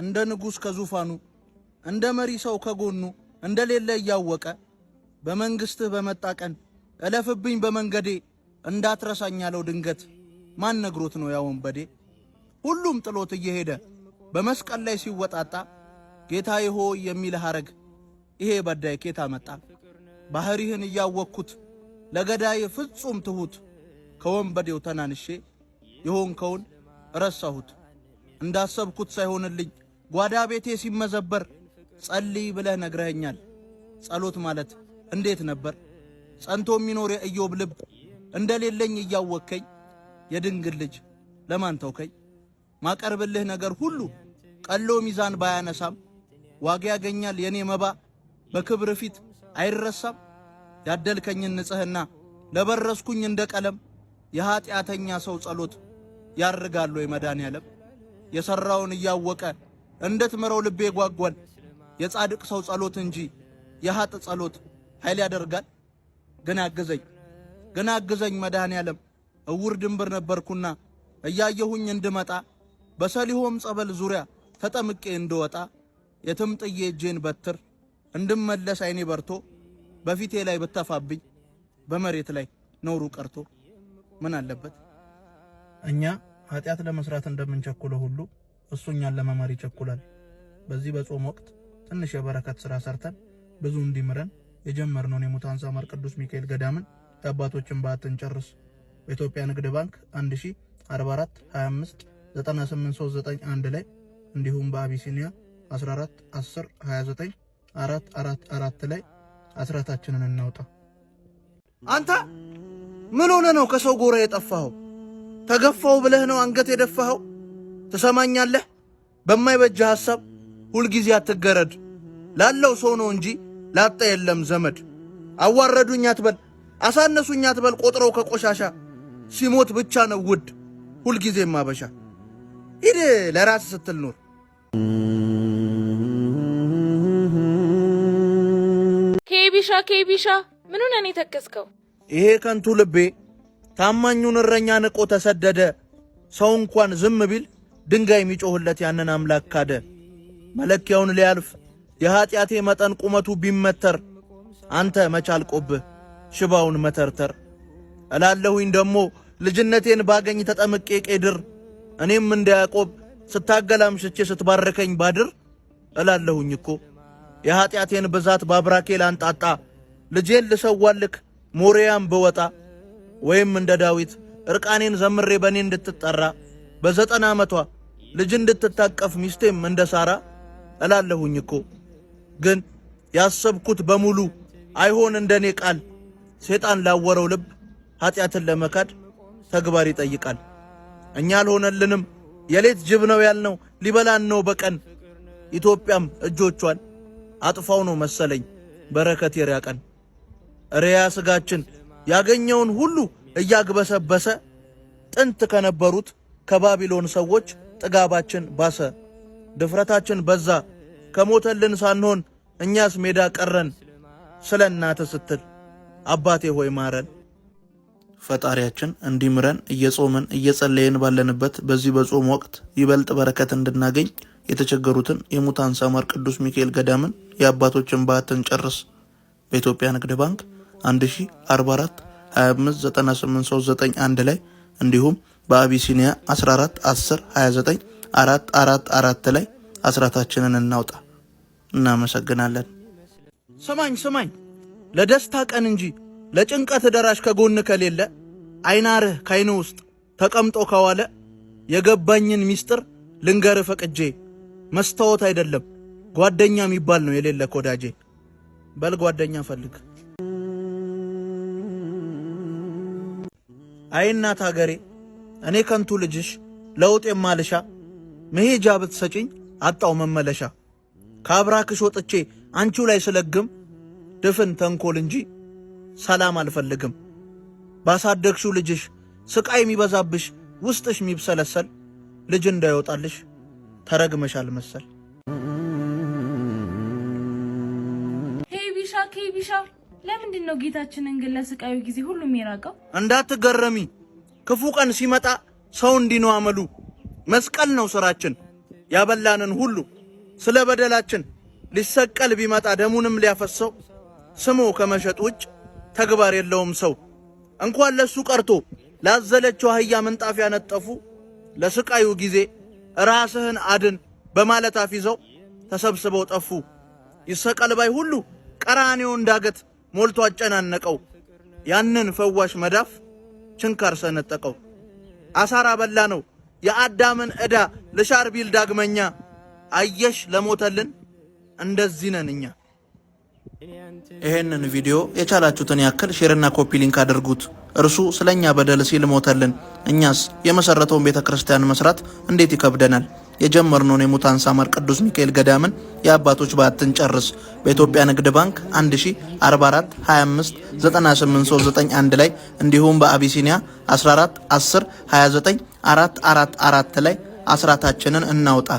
እንደ ንጉሥ ከዙፋኑ እንደ መሪ ሰው ከጎኑ እንደሌለ እያወቀ በመንግሥትህ በመጣ ቀን እለፍብኝ በመንገዴ እንዳትረሳኝ ያለው ድንገት ማን ነግሮት ነው ያ ወንበዴ? ሁሉም ጥሎት እየሄደ በመስቀል ላይ ሲወጣጣ ጌታዬ ሆይ የሚል ሐረግ ይሄ በዳይ ኬታ መጣ። ባህሪህን እያወቅኩት ለገዳዬ ፍጹም ትሁት ከወንበዴው ተናንሼ የሆንከውን ረሳሁት እንዳሰብኩት ሳይሆንልኝ ጓዳ ቤቴ ሲመዘበር ጸልይ ብለህ ነግረኸኛል። ጸሎት ማለት እንዴት ነበር? ጸንቶ የሚኖር የኢዮብ ልብ እንደሌለኝ እያወከኝ የድንግል ልጅ ለማን ተውከኝ? ማቀርብልህ ነገር ሁሉ ቀሎ ሚዛን ባያነሳም ዋጋ ያገኛል የኔ መባ በክብር ፊት አይረሳም። ያደልከኝን ንጽህና ለበረስኩኝ እንደ ቀለም የኀጢአተኛ ሰው ጸሎት ያርጋሉ የመዳን ያለም የሠራውን እያወቀ እንድትምረው ልቤ ጓጓል። የጻድቅ ሰው ጸሎት እንጂ የሀጥ ጸሎት ኃይል ያደርጋል። ግን አግዘኝ ግን አግዘኝ መድኃኔ ዓለም እውር ድንብር ነበርኩና እያየሁኝ እንድመጣ በሰሊሆም ጸበል ዙሪያ ተጠምቄ እንድወጣ የትም ጥዬ እጄን በትር እንድመለስ አይኔ በርቶ በፊቴ ላይ ብተፋብኝ በመሬት ላይ ነውሩ ቀርቶ ምን አለበት እኛ ኃጢአት ለመስራት እንደምንቸኩለው ሁሉ እሱኛን ለመማር ይቸኩላል። በዚህ በጾም ወቅት ትንሽ የበረከት ሥራ ሰርተን ብዙ እንዲምረን የጀመርነውን የሙታንሳ ሳማር ቅዱስ ሚካኤል ገዳምን የአባቶችን በዓት ጨርስ። በኢትዮጵያ ንግድ ባንክ 1044 25 9839 ላይ እንዲሁም በአቢሲኒያ 14 10 29 444 ላይ አስራታችንን እናውጣ። አንተ ምን ሆነ ነው ከሰው ጎራ የጠፋኸው? ተገፋው ብለህ ነው አንገት የደፋኸው? ትሰማኛለህ? በማይበጅ ሐሳብ ሁልጊዜ አትገረድ። ላለው ሰው ነው እንጂ ላጣ የለም ዘመድ። አዋረዱኝ አትበል፣ አሳነሱኝ አትበል። ቆጥረው ከቆሻሻ ሲሞት ብቻ ነው ውድ ሁልጊዜ ማበሻ ሂድ ለራስ ስትል ኖር። ኬቢሻ ኬቢሻ ምን ሆነን የተከስከው? ይሄ ከንቱ ልቤ ታማኙን እረኛ ንቆ ተሰደደ። ሰው እንኳን ዝም ቢል ድንጋይ የሚጮህለት ያንን አምላክ ካደ። መለኪያውን ሊያልፍ የኀጢአቴ መጠን ቁመቱ ቢመተር አንተ መቻል ሽባውን መተርተር እላለሁኝ። ደሞ ልጅነቴን ባገኝ ተጠምቄ ቄድር እኔም እንደ ያዕቆብ ስታገላምሽቼ ስትባርከኝ ባድር እላለሁኝ እኮ የኀጢአቴን ብዛት ባብራኬ ላንጣጣ ልጄን ልሰዋልክ ሞሪያም ብወጣ ወይም እንደ ዳዊት ዕርቃኔን ዘምሬ በእኔ እንድትጠራ በዘጠና ዓመቷ ልጅ እንድትታቀፍ ሚስቴም እንደ ሳራ እላለሁኝ እኮ ግን ያሰብኩት በሙሉ አይሆን እንደኔ ቃል። ሴጣን ላወረው ልብ ኃጢአትን ለመካድ ተግባር ይጠይቃል። እኛ አልሆነልንም። የሌት ጅብ ነው ያልነው ሊበላን ነው በቀን። ኢትዮጵያም እጆቿን አጥፋው ነው መሰለኝ በረከት የሪያቀን ሪያ ስጋችን ያገኘውን ሁሉ እያግበሰበሰ ጥንት ከነበሩት ከባቢሎን ሰዎች ጥጋባችን ባሰ፣ ድፍረታችን በዛ። ከሞተልን ሳንሆን እኛስ ሜዳ ቀረን። ስለ እናተ ስትል አባቴ ሆይ ማረን። ፈጣሪያችን እንዲምረን እየጾምን እየጸለየን ባለንበት በዚህ በጾም ወቅት ይበልጥ በረከት እንድናገኝ የተቸገሩትን የሙታን ሳማር ቅዱስ ሚካኤል ገዳምን የአባቶችን ባትን ጨርስ። በኢትዮጵያ ንግድ ባንክ 1044 ላይ እንዲሁም በአቢሲኒያ 14 10 29 4 4 4 ላይ አስራታችንን እናውጣ። እናመሰግናለን። ስማኝ ስማኝ፣ ለደስታ ቀን እንጂ ለጭንቀት ደራሽ ከጎን ከሌለ አይናርህ ካይኑ ውስጥ ተቀምጦ ከዋለ የገባኝን ሚስጥር ልንገርህ ፈቅጄ መስታወት አይደለም ጓደኛ የሚባል ነው የሌለ ኮዳጄ። በል ጓደኛ ፈልግ። አይናት ሀገሬ እኔ ከንቱ ልጅሽ ለውጥ የማልሻ መሄጃ ብትሰጭኝ አጣው መመለሻ ከአብራክሽ ወጥቼ አንቺው ላይ ስለግም ድፍን ተንኮል እንጂ ሰላም አልፈልግም። ባሳደግሽው ልጅሽ ስቃይ የሚበዛብሽ ውስጥሽ የሚብሰለሰል ልጅ እንዳይወጣልሽ ተረግመሻል መሰል። ሄቢሻ ኬቢሻ ለምንድን ነው ጌታችንን ግን ለስቃዩ ጊዜ ሁሉም የራቀው? እንዳትገረሚ ክፉ ቀን ሲመጣ ሰው እንዲነው አመሉ። መስቀል ነው ስራችን። ያበላንን ሁሉ ስለ በደላችን ሊሰቀል ቢመጣ ደሙንም ሊያፈሰው ስሙ ከመሸጥ ውጭ ተግባር የለውም ሰው። እንኳን ለሱ ቀርቶ ላዘለችው አህያ ምንጣፍ ያነጠፉ ለስቃዩ ጊዜ ራስህን አድን በማለት አፊዘው ተሰብስበው ጠፉ። ይሰቀል ባይ ሁሉ ቀራኔውን ዳገት ሞልቶ አጨናነቀው ያንን ፈዋሽ መዳፍ ችንካር ሰነጠቀው፣ አሳራ በላ ነው የአዳምን ዕዳ ለሻርቢል ዳግመኛ። አየሽ ለሞተልን እንደዚህ ነን እኛ። ይሄንን ቪዲዮ የቻላችሁትን ያክል ሼርና ኮፒ ሊንክ አድርጉት። እርሱ ስለኛ በደል ሲል ሞተልን፣ እኛስ የመሰረተውን ቤተ ክርስቲያን መስራት እንዴት ይከብደናል? የጀመርነውን የሙታን ሳማር ቅዱስ ሚካኤል ገዳምን የአባቶች ባትን ጨርስ በኢትዮጵያ ንግድ ባንክ 1044 25 98391 ላይ እንዲሁም በአቢሲኒያ 14 10 29 444 ላይ አስራታችንን እናውጣ።